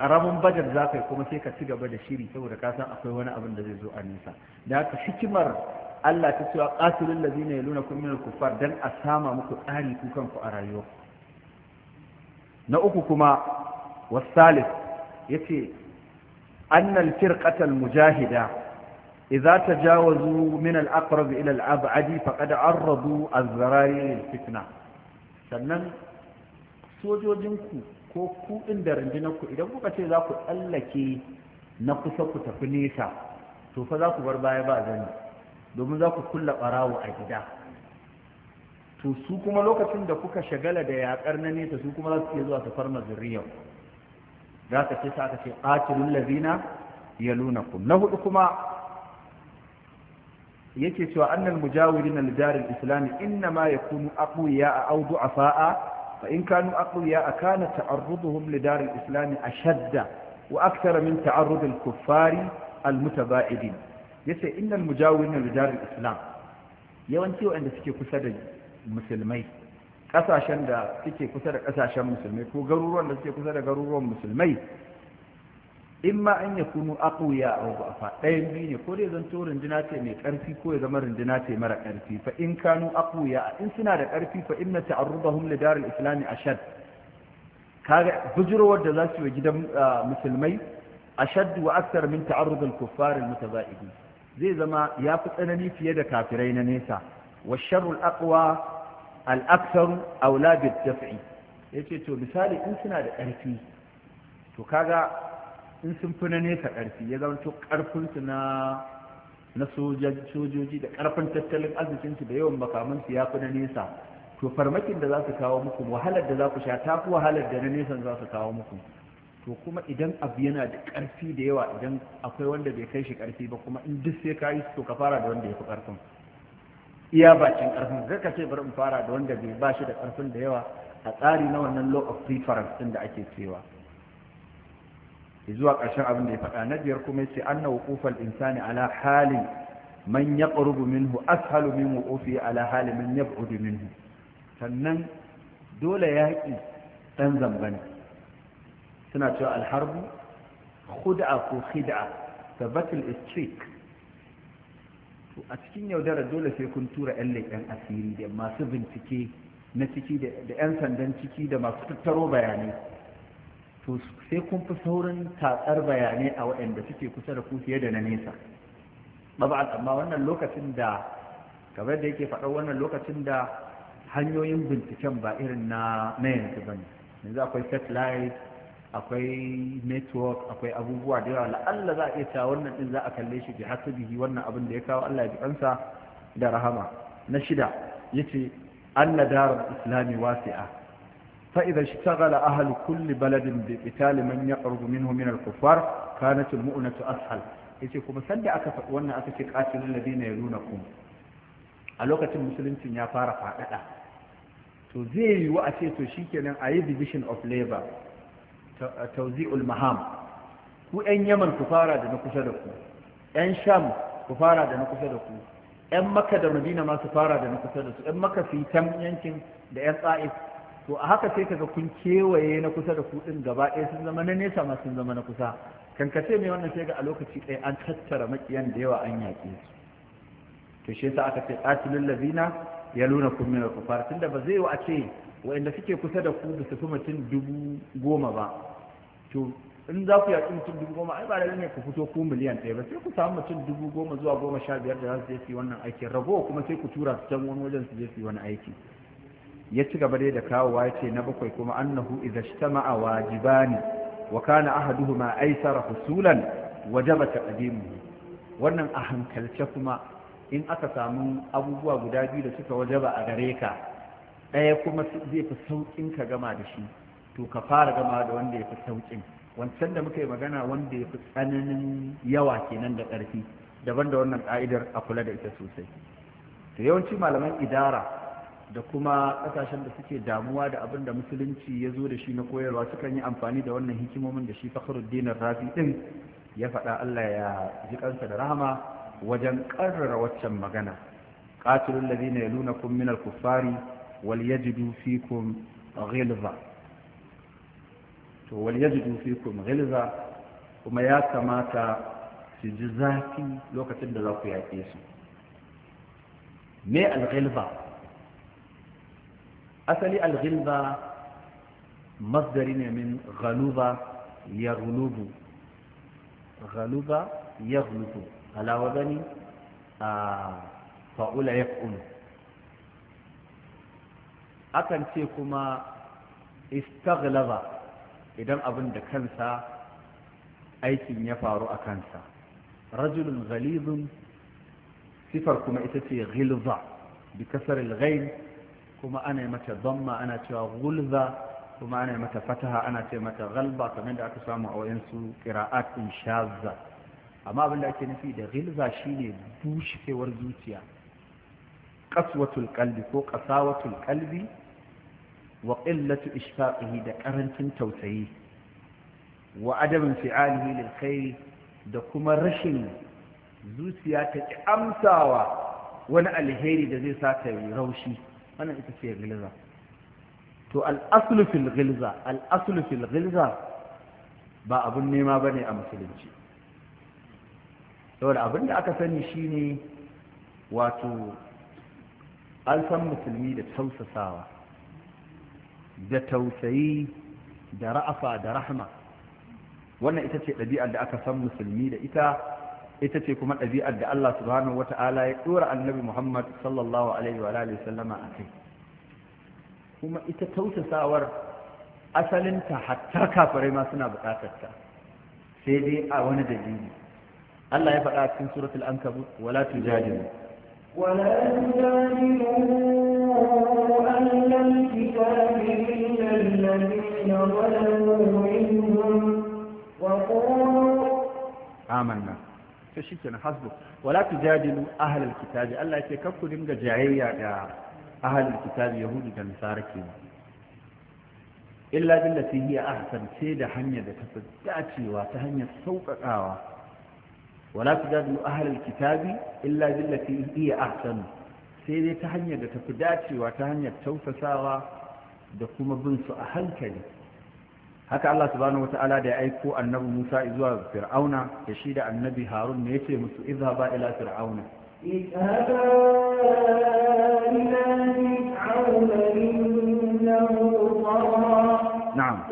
karamin bajar za ka yi kuma sai ka ci gaba da shiri saboda ka san akwai wani abin da zai zo a nisa da haka hikimar Allah ta cewa qatilul ladzina yaluna kum minal kufar dan a sama muku tsari ku kanku a rayuwa na uku kuma wasalif yace annal firqatal mujahida idza tajawazu min al aqrab ila al ab'adi faqad arradu az-zarari lil fitna sannan sojojinku ko ku ɗin da rundunar ku idan kuka ce za ku tsallake na kusa ku tafi nesa to fa za ku bar baya ba zani domin za ku kulla ɓarawo a gida to su kuma lokacin da kuka shagala da yaƙar na nesa su kuma za su iya zuwa su farma zuriyar za ka ce sa aka ce qatilul ladina yalunakum na hudu kuma yake cewa annal mujawirin al islami al inna ma yakunu aqwiya aw du'afa'a فإن كانوا أقوياء كان تعرضهم لدار الإسلام أشد وأكثر من تعرض الكفار المتباعدين yace innal mujawirina li daril islam yawanci waɗanda suke kusa da musulmai ƙasashen da suke kusa da ƙasashen musulmai ko garuruwan da suke kusa da garuruwan musulmai In an ya kunu aqwiya aw ba'fa ɗayan biyu ne ko dai zanto runduna ce mai ƙarfi ko ya zama runduna ce mara ƙarfi fa in kanu aqwiya in suna da ƙarfi fa inna ta'arrudahum li daril islam ashad kaga bujurowar da za su yi gidan ah, musulmai ashad wa akthar min ta'arrud al kuffar al mutazaidi zai zama ya fi tsanani fiye da kafirai na nesa wa sharru al aqwa al aktharu aw bid daf'i yace to misali in suna da ƙarfi to kaga in sun fi na nesa ƙarfi ya to ƙarfinsu na na sojoji da ƙarfin tattalin arzikinsu da yawan makamansu ya fi na nesa to farmakin da za su kawo muku wahalar da za ku sha ta fi wahalar da na nesa za su kawo muku to kuma idan abu yana da ƙarfi da yawa idan akwai wanda bai kai shi ƙarfi ba kuma in duk sai ka yi to ka fara da wanda ya fi ƙarfin iya bakin ƙarfin zai ka ce bari in fara da wanda bai ba shi da ƙarfin da yawa a tsari na wannan law of preference ɗin da ake cewa zuwa ƙarshen abin da ya faɗa na biyar kuma yace anna wuqufal insani ala halin man yaqrubu minhu ashalu min ala halin man yab'udu minhu sannan dole yaƙi ɗan zamba ne suna cewa alharbu khud'a ko khid'a tabatul istrik to a cikin yaudara dole sai kun tura yan leƙen asiri da masu bincike na ciki da yan sandan ciki da masu tattaro bayanai to sai kun fi saurin tatsar bayanai a waɗanda suke kusa da ku fiye da na nesa ba amma wannan lokacin da kamar da yake faɗa wannan lokacin da hanyoyin binciken ba irin na na ba ne. yanzu akwai satellite akwai network akwai abubuwa da yawa la'alla za a iya cewa wannan din za a kalle shi bi hasabihi wannan abin da ya kawo Allah ya ji ansa da rahama na shida yace anna darul islami wasi'a فإذا اشتغل أهل كل بلد بقتال من يقرب منه من الكفار كانت المؤنة أسهل يقول مسلا أكفأونا أتفقاتل الذين يلونكم ألوكة المسلمة يطار فائدة توزيع وأتي تشيك لن أي division of labor توزيع المهام هو أن يمن كفارة نكسدكم أن شام كفارة نكسدكم أن مكة دمدينة ما كفارة نكسدكم أن مكة في تم ينكم لأن طائف to a haka sai kaga kun kewaye na kusa da kuɗin gaba ɗaya sun zama na nesa ma sun zama na kusa kankace mai wannan sai ga a lokaci ɗaya an tattara makiyan da yawa an yaƙe su to shi yasa aka ce qatilul ladina yalunakum min al-kufar tunda ba zai wa a ce waɗanda suke kusa da ku ba su fi mutum dubu goma ba to in za ku yaƙi mutum dubu goma ai ba da ne ku fito ku miliyan ɗaya ba sai ku samu mutum dubu goma zuwa goma sha biyar da za su je su yi wannan aikin ragowa kuma sai ku tura su can wani wajen su je su yi wani aiki ya ci gaba dai da kawowa ya ce na bakwai kuma annahu idza ijtama'a wajibani wa kana ahaduhuma aisara husulan wajaba taqdimuhu wannan a hankalce kuma in aka samu abubuwa guda biyu da suka wajaba a gare ka ɗaya kuma zai fi sauƙin ka gama da shi to ka fara gama da wanda ya fi sauƙin wancan da muka yi magana wanda ya fi tsananin yawa kenan da ƙarfi daban da wannan ƙa'idar a kula da ita sosai to yawanci malaman idara da kuma kasashen da suke damuwa da abin da musulunci ya zo da shi na koyarwa sukan yi amfani da wannan hikimomin da shi fakhruddin razi din ya faɗa Allah ya ji kansa da rahama wajen karrara waccan magana qatilul ladina yalunakum al kuffari wal yajidu fikum ghilza to wal yajidu fikum ghilza kuma ya kamata su ji zafi lokacin da za ku yaƙe su me al-ghilza asali alghilza masdari ne min ghaluba ya gulubu ghaluba ya gulubu alawa gani a fa'ula ya akan ce kuma istaghlaba idan abin da kansa aikin ya faru a kansa rajulun ghalizun sifar kuma ita ce ghilza bi kasar al-ghain kuma ana mata zamma ana cewa gulza kuma ana mata fataha ana ce mata galba kamar da aka samu a wayansu qira'at in shazza amma abin da ake nufi da gilza shine bushewar zuciya qaswatul qalbi ko qasawatul qalbi wa qillatu ishfaqihi da ƙarancin tausayi wa adamin fi'alihi lil khair da kuma rashin zuciya ta ƙi amsawa wani alheri da zai sa ta yi raushi wannan ita ce gilza to al'aslu fil gilza al'aslu fil gilza ba abun nema ne a musulunci saboda abin da aka sani shine wato an san musulmi da tausasawa da tausayi da ra'afa da rahma wannan ita ce ɗabi'ar da aka san musulmi da ita ita ce kuma ɗabi'ar da Allah subhanahu wata'ala ya ɗora annabi Muhammad sallallahu alaihi wa alihi sallama a kai kuma ita tausasawar asalinta hatta kafirai ma suna buƙatar ta sai dai a wani dalili Allah ya faɗa cikin suratul ankabut wala tujadilu ولا تجادلوا أهل الكتاب إلا الذين ظلموا منهم وقولوا amanna. to shikenan hasbu wala tujadilu ahlal kitabi Allah yake kar ku dinga jayayya da ahlul kitabi yahudu da nasara kenan illa billati hiya ahsan sai da hanya da ta dacewa ta hanyar sauƙaƙawa wala tujadilu ahlul kitabi illa billati hiya ahsan sai dai ta hanyar da ta fi dacewa ta hanyar tausasawa da kuma bin su a hankali haka Allah subhanahu wata'ala da ya aiko annabi Musa zuwa Fir'auna da shi da annabi Harun ne yace musu izhaba ila Fir'auna izhaba ila Fir'auna innahu tara na'am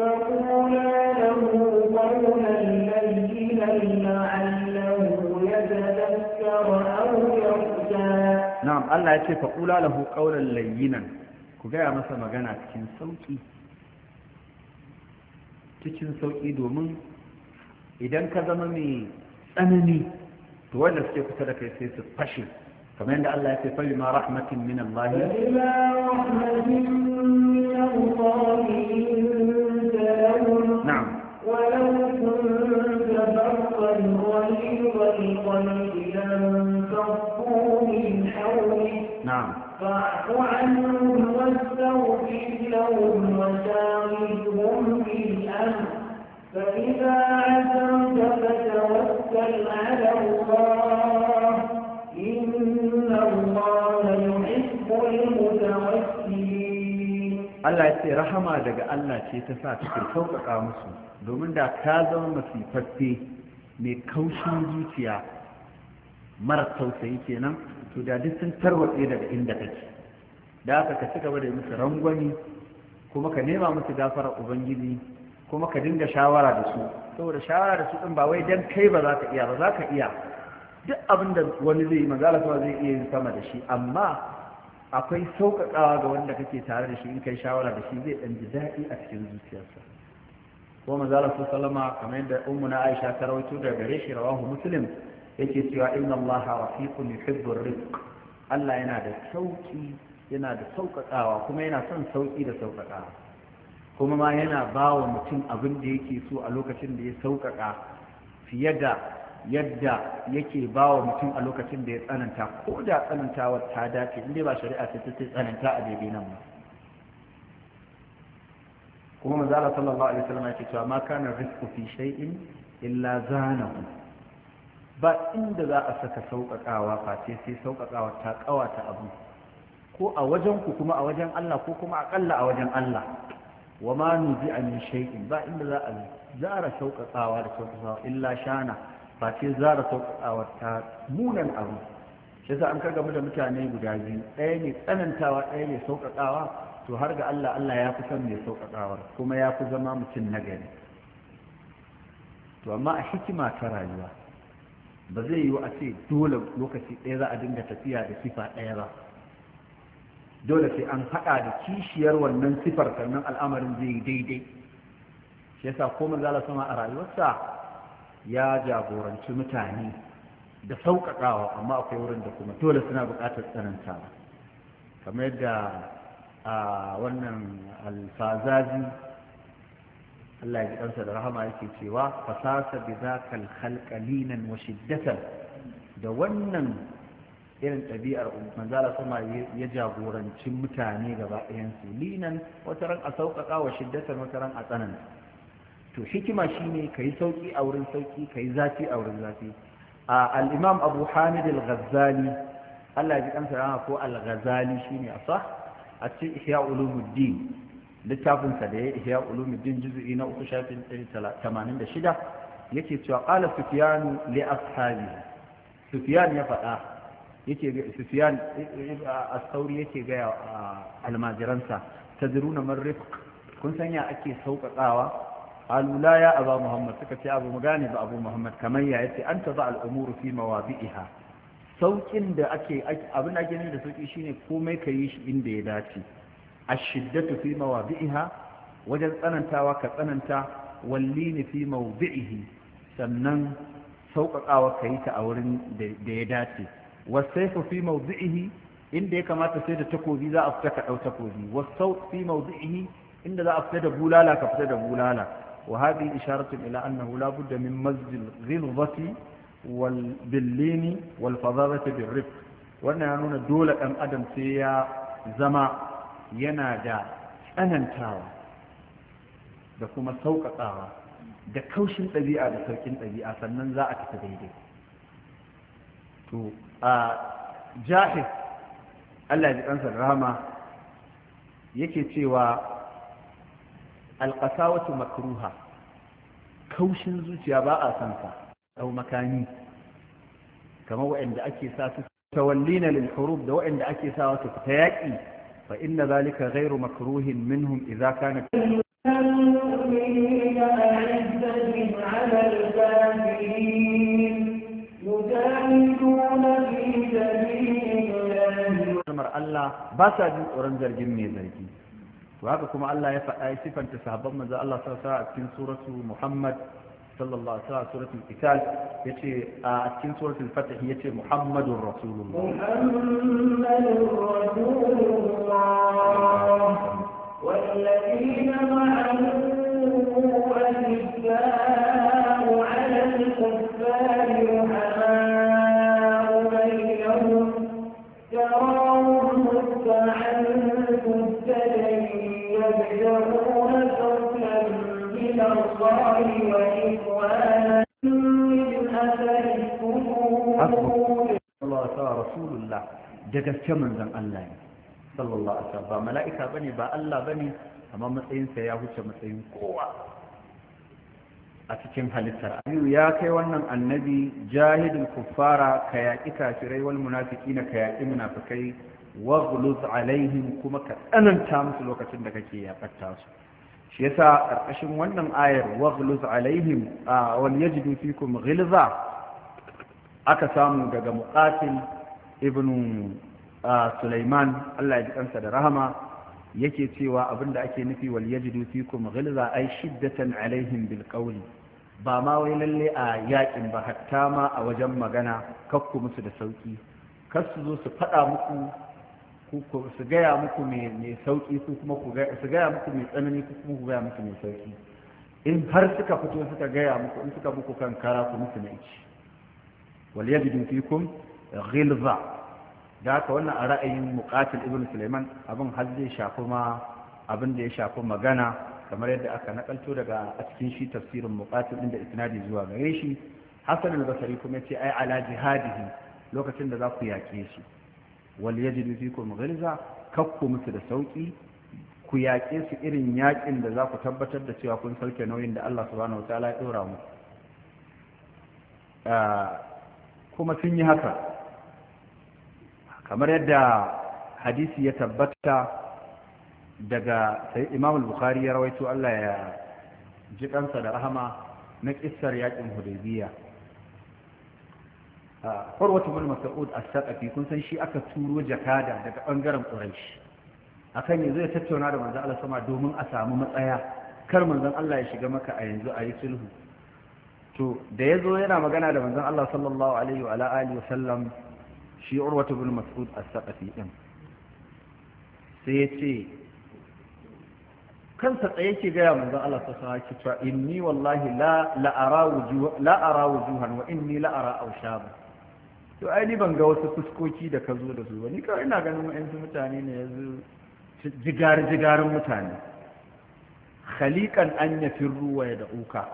lahu qawlan layyinan ku gaya masa magana cikin sauki cikin sauƙi domin idan ka zama mai tsanani to wanda suke kusa da kai sai su fashe kamar yadda Allah ya ce fa ma rahmatin min Allah bima rahmatin min Allah na'am ولو كنت فظا غليظ القلب لانفضوا من فاعف عنهم واستغفر لهم وشاورهم في الأمر فإذا عزمت فتوكل على الله إن الله يحب المتوكلين Allah ya ce rahama daga Allah ce ta sa take sauƙaƙa musu domin da ka zama masifaffe mai kaushin zuciya mara tausayi kenan to da duk sun tarwatse daga inda kake da haka ka ci gaba da musu rangwani kuma ka nema musu gafarar ubangiji kuma ka dinga shawara da su saboda shawara da su din ba wai dan kai ba za ka iya ba za ka iya duk abin da wani zai yi manzala zai iya yin sama da shi amma akwai sauƙaƙawa ga wanda kake tare da shi in kai shawara da shi zai ɗan ji daɗi a cikin zuciyarsa ko manzala su salama kamar yadda ummu na aisha ta rawaito daga gare shi rawahu muslim yake cewa inna allaha rafiqun yuhibbu rizq Allah yana da sauki yana da sauƙaƙawa kuma yana son sauki da sauƙaƙawa kuma ma yana ba wa mutum abin da yake so a lokacin da ya sauƙaƙa fiye da yadda yake ba wa mutum a lokacin da ya tsananta ko da tsanantawar ta dace inda ba shari'a ce ta tsananta a daidai nan ba kuma manzala sallallahu alaihi wasallam yake cewa ma kana rizqu fi shay'in illa zanahu ba inda za a saka sauƙaƙawa face sai sauƙaƙawa ta ƙawata abu ko a wajenku kuma a wajen Allah ko kuma aƙalla a wajen Allah wa ma nuzi a min shaikin. ba inda za a zara sauƙaƙawa da sauƙaƙawa illa shana face zara sauƙaƙawa ta munan abu shi yasa an karga da mutane guda biyu ɗaya ne tsanantawa ɗaya ne sauƙaƙawa to har ga Allah Allah ya fi son mai sauƙaƙawar kuma ya fi zama mutum nagari to amma a hikima ta rayuwa ba zai yiwu a ce dole lokaci ɗaya za a dinga tafiya da sifa ɗaya ba dole sai an haɗa da kishiyar wannan sifar sannan al'amarin zai yi daidai shi yasa ko zala sama a rayuwarsa ya jagoranci mutane da sauƙaƙawa amma akwai wurin da kuma dole suna buƙatar tsanantawa kamar yadda a wannan alfazazi Allah ya ɗansa da rahama yake cewa fasasa bi zakal khalqalinan wa shiddatan da wannan irin ɗabi'ar manzala sama ya jagoranci mutane gaba ɗayan su linan wata ran a sauƙaƙa wa shiddatan wata ran a tsananta to hikima shine ka yi sauƙi a wurin sauƙi ka yi zafi a wurin zafi a al'imam abu hamid al-ghazali Allah ya ji kansa ko al-ghazali shine a sah a cikin ihya ulumuddin littafinsa da ya ihya ulumuddin juz'i na uku shafin 86 yake cewa qala sufyan li ashabi sufyan ya faɗa yake sufyan as-sauri yake ga almajiransa tadruna man rifq kun san ya ake sauƙaƙawa qalu la ya aba muhammad suka ce abu mu gane ba abu muhammad kamar ya yace anta za al-umuru fi mawadi'iha saukin da ake abin da ake da sauki shine komai ka yi shi inda ya dace ashiddatu fi mawadi'iha wajen tsanantawa ka tsananta wallini fi mawdi'ihi sannan sauƙaƙawa ka yi ta a wurin da ya dace wasaifu fi mawdi'ihi inda ya kamata sai da takobi za a fita ka ɗau takobi wasau fi mawdi'ihi inda za a fita da bulala ka fita da bulala wa hadi isharatun ila annahu la min mazdil ghilzati wal billini wal fadadati birrifq wannan ya nuna dole ɗan adam sai ya zama yana da tsanantawa da kuma sauƙaƙawa da kaushin ɗabi'a da sauƙin ɗabi'a sannan za a tafi daidai to a jahil Allah ji ɗansa rama yake cewa alƙasawatu makruha kaushin zuciya ba a sansa. sa ɗau makani kamar waɗanda ake sa su tawallina lil da waɗanda ake sa wasu fita yaƙi fa inna zalika ghairu makruhin minhum idza kana Allah ba sa jin tsoron zargin mai zargi to haka kuma Allah ya faɗa ya sifanta sahabban manzo Allah sallallahu alaihi wasallam a cikin suratu Muhammad صلى الله عليه وسلم سورة القتال يتي أتين سورة الفتح يتي محمد رسول الله محمد رسول الله والذين معه أشداء على الكفار رحماء rasulullah da gaske manzon Allah ne sallallahu alaihi wasallam ba mala'ika bane ba Allah bane amma matsayinsa ya huce matsayin kowa a cikin halittar ayu ya kai wannan annabi jahidul kuffara ka yaƙi kafirai wal munafiqina ka yaƙi munafikai waghluz alaihim kuma ka tsananta musu lokacin da kake yaƙatta su shi yasa ƙarƙashin wannan ayar waghluz alaihim wal yajidu fikum ghilza aka samu daga muqatil ibnu sulaiman Allah ya ji kansa da rahama yake cewa abinda ake nufi wal yajidu fikum ghilza ay shiddatan alaihim bil qawli ba ma wai lalle a yakin ba hatta ma a wajen magana kakku musu da sauki kar su zo su faɗa muku su gaya muku mai sauki ko kuma su gaya muku mai tsanani ko kuma ku gaya muku mai sauki in har suka fito suka gaya muku in suka muku kan kara ku musu na ici wal yajidu fikum ghilza da haka wannan a ra'ayin muqatil ibn Sulaiman abin har zai shafi ma abin da ya shafi magana kamar yadda aka nakalto daga a cikin shi tafsirin muqatil inda isnadi zuwa gare shi Hassan al-Basri kuma ce ai ala jihadihi lokacin da za ku yaƙe su wal yajidu fikum ghilza kakku musu da sauki ku yaƙe su irin yaƙin da za ku tabbatar da cewa kun sauke nauyin da Allah subhanahu wataala ya ɗora mu ah, kuma sun yi haka kamar yadda hadisi ya tabbata daga sai imam bukhari ya rawaito Allah ya ji kansa da rahama na kissar yakin hudaybiya ah, Urwatu bin Mas'ud as-Saqafi kun san shi aka turo jakada daga bangaren Quraysh akan yanzu ya tattauna da manzon Allah sama domin a samu matsaya kar manzon Allah ya shiga maka a yanzu a yi sulhu to da yazo yana magana da manzon Allah sallallahu alaihi wa alihi wa sallam shi urwatu bin mas'ud as-saqafi ɗin. sai ya ce kansa tsaye ke gaya manzon Allah ta sa ki cewa inni wallahi la la ara wujuh la ara wujuhan wa inni la ara awshaba to ai ni ban ga wasu fuskoki da ka zo da su ba ni kawai ina ganin wa'ansu mutane ne yanzu jigar jigarin mutane khaliqan an yafirru wa yad'uka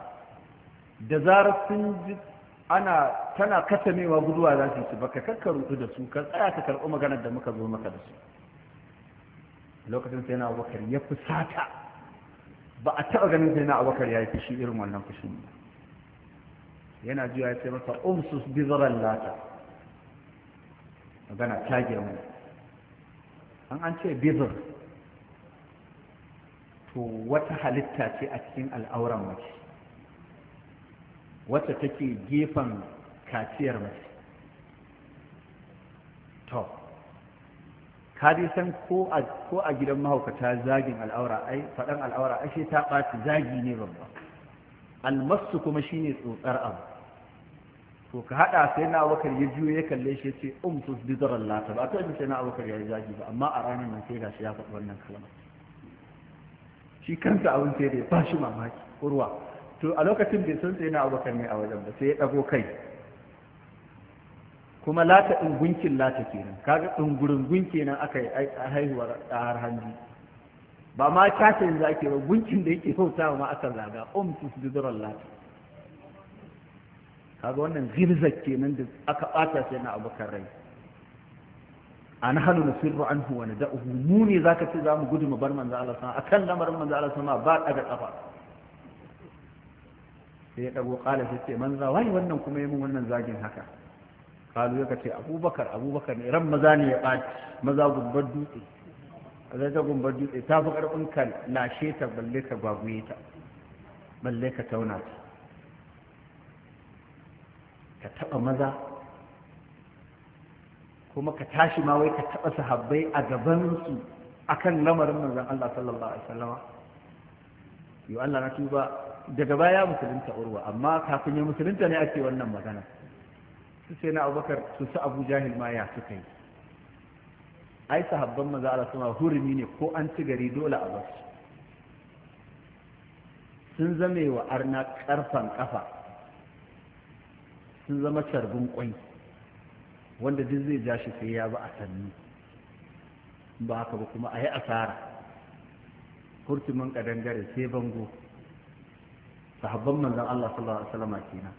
da zarar sun ji ana tana katamewa guduwa za su su baka kakka rudu da su ka tsaya ka karɓi maganar da muka zo maka da su lokacin sai na abubakar ya fusata ba a taɓa ganin sai na abubakar ya yi fushi irin wannan fushin ba yana jiya ya ce masa umsus bizaran lata magana ta gemu an an ce bizar to wata halitta ce a cikin al'auran mace wacce take gefen kaciyar mace to kadi san ko a gidan mahaukata zagin al'aura ai faɗan al'aura ashe ta ɓaci zagi ne babba almasu kuma shi ne tsotsar abu to ka haɗa sai na abokar ya juyo ya kalle shi ya ce umsus bizarar lata ba a kai sai na abokar ya yi zagi ba amma a ranar nan sai gashi ya faɗi wannan kalmar shi kansa abin sai da ya ba shi mamaki kurwa. to a lokacin bai san sai na abokan ne a wajen ba sai ya ɗago kai kuma lata ɗin gunkin lata kenan kaga ɗungurin gunki nan aka yi haihuwar ɗahar hanji ba ma kyasa yanzu ake ba gunkin da yake bauta ma aka zaga um su su lata kaga wannan girzak kenan da aka ɓata sai na abokan rai a na hannu nusirru an huwa na da'uhu mu ne zaka ce za mu gudu mu bar manzo Allah sama akan lamarin manzo Allah sama ba ɗaga ƙafa sai ya dago ƙala sai ce manza Wani wannan kuma yi mun wannan zagin haka kalu ya ce abubakar abubakar ne ran maza ne ya ɓaci maza gumbar dutse a zai ta gumbar dutse ta fi ƙarfin ka lashe ta balle ka gwaguye ta balle ka tauna ta ka taɓa maza kuma ka tashi ma wai ka taɓa sahabbai a gabansu akan lamarin manzon Allah sallallahu alaihi wasallama yau Allah na tuba daga baya musulunta urwa amma kafin ya musulunta ne ake wannan magana su sai na abubakar su su abu jahil ma ya suka yi ai sahabban maza ala suna hurumi ne ko an ci gari dole a basu sun zame wa arna karfan kafa sun zama carbin kwai wanda duk zai ja shi sai ya ba a sannu ba haka ba kuma a yi asara kurtumin kadangare sai bango sahabban manzon Allah sallallahu alaihi wasallam kenan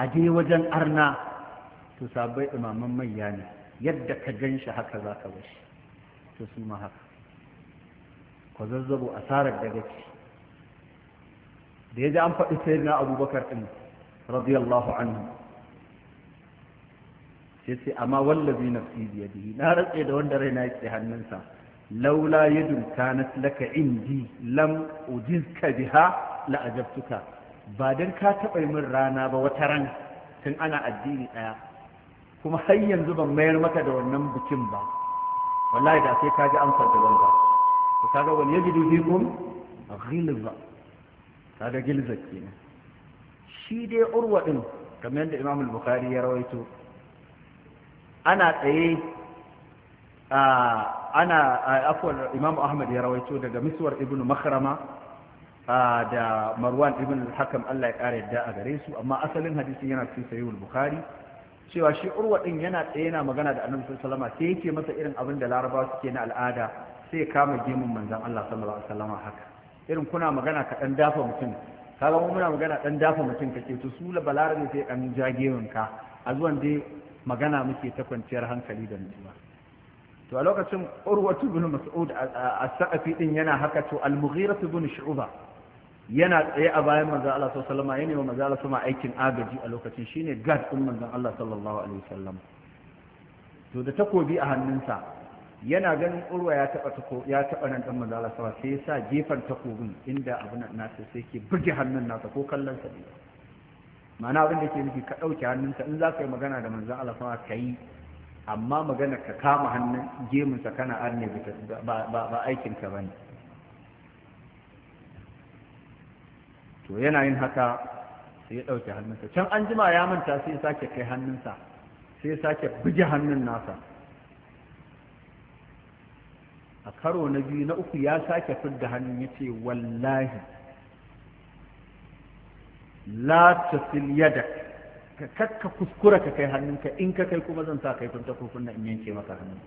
a je wajen arna to sabai imaman manya ne yadda ka gan shi haka za ka bashi to su ma haka ku zazzabo asarar da gaci da ya ji an faɗi sayar na abubakar ɗin radiyallahu anhu sai sai amma wallazi nafsi biyadihi na ratse da wanda raina yake hannunsa laula yadun kanat laka indi lam ujizka biha la'ajabtuka ba don ka taɓa min rana ba wata ran tun ana addini ɗaya kuma har yanzu ban mayar maka da wannan bikin ba wallahi da sai ji amsar da wanda to kaga wal yajidu fikum Ka kaga gilza kenan shi dai urwa ɗin, kamar yadda Imam bukhari ya rawaito ana tsaye a ana afuwar Imam Ahmad ya rawaito daga misuwar ibn Makarama. da marwan ibn al-hakam Allah ya ƙara yadda a gare su amma asalin hadisin yana cikin sahihul bukhari cewa shi urwa din yana tsaye yana magana da annabi sallallahu alaihi wasallam sai yake masa irin abin da larabawa suke na al'ada sai kama gemun manzon Allah sallallahu alaihi wasallam haka irin kuna magana ka dan dafa mutum kaga mu muna magana dan dafa mutum kake to su la balarabe sai dan ja gemun ka a zuwan dai magana muke ta kwanciyar hankali da mutuwa to a lokacin urwatu ibn mas'ud as-sa'fi din yana haka to al-mughirah ibn shu'ba yana tsaye a bayan manzon Allah sallallahu alaihi wasallam yana manzon Allah aikin agaji a lokacin shine gad din manzon Allah sallallahu alaihi wasallam to da takobi a hannunsa yana ganin urwa ya taba tako ya taba nan dan manzon Allah sallallahu alaihi wasallam sai ya sa gefen takobin inda abin nan sai ke burge hannun nasa ko kallon sa ne ma'ana abin da ke nufi ka dauke hannunsa in za ka yi magana da manzon Allah sallallahu alaihi wasallam kai amma magana ka kama hannun gemunsa kana arne ba aikinka ba ne to yana yin haka sai ya ɗauke hannunsa can an jima ya manta sai ya sake kai hannunsa sai ya sake buge hannun nasa a karo na biyu na uku ya sake fidda hannun ya ce wallahi la tasil yada ka kakka kuskura ka kai hannunka in ka kai kuma zan sa kai kun takofin na in yanke maka hannun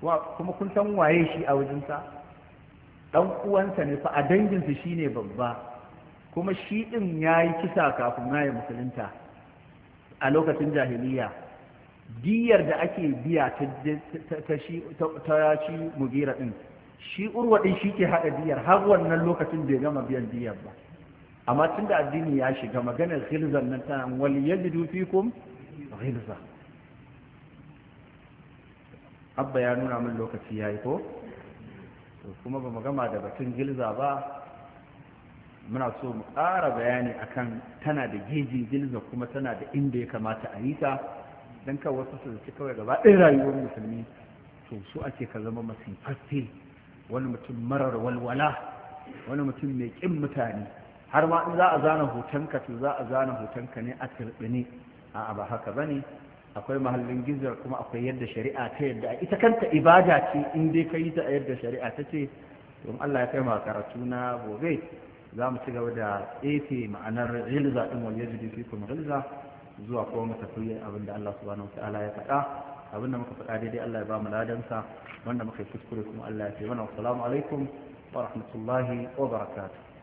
kuma kun san waye shi a wajensa dan uwansa ne fa a danginsa shine babba kuma shi ɗin ya yi kisa kafin ya musulunta a lokacin jahiliya diyar da ake biya ta shi mugira ɗin shi urwa ɗin shi ke haɗa diyar har wannan lokacin bai gama biyan diyar ba amma tun da addini ya shiga maganar ghirzan nan ta wali dufi fikum Gilza. abba ya nuna min lokaci ya yi ko kuma ba mu gama da batun gilza ba muna so mu ƙara bayani akan tana da gejin ginza kuma tana da inda ya kamata a yi ta don ka wasu su zaci kawai gaba ɗaya rayuwar musulmi to su ake ka zama masifaffe wani mutum marar walwala wani mutum mai ƙin mutane har ma in za a zana hotonka to za a zana hotonka ne a turɓini a ba haka ba ne akwai mahallin gizar kuma akwai yadda shari'a ta yadda ita kanta ibada ce in dai ka yi ta a yadda shari'a ta ce don Allah ya kai ma karatu na gobe za mu ci gaba da tsefe ma'anar rilza ɗin wal yajidu fi kum rilza zuwa ko mu tafi abinda Allah subhanahu wataala ya faɗa abinda muka faɗa daidai Allah ya ba mu ladansa wanda muka yi kuskure kuma Allah ya ce mana assalamu alaikum wa rahmatullahi wa barakatuh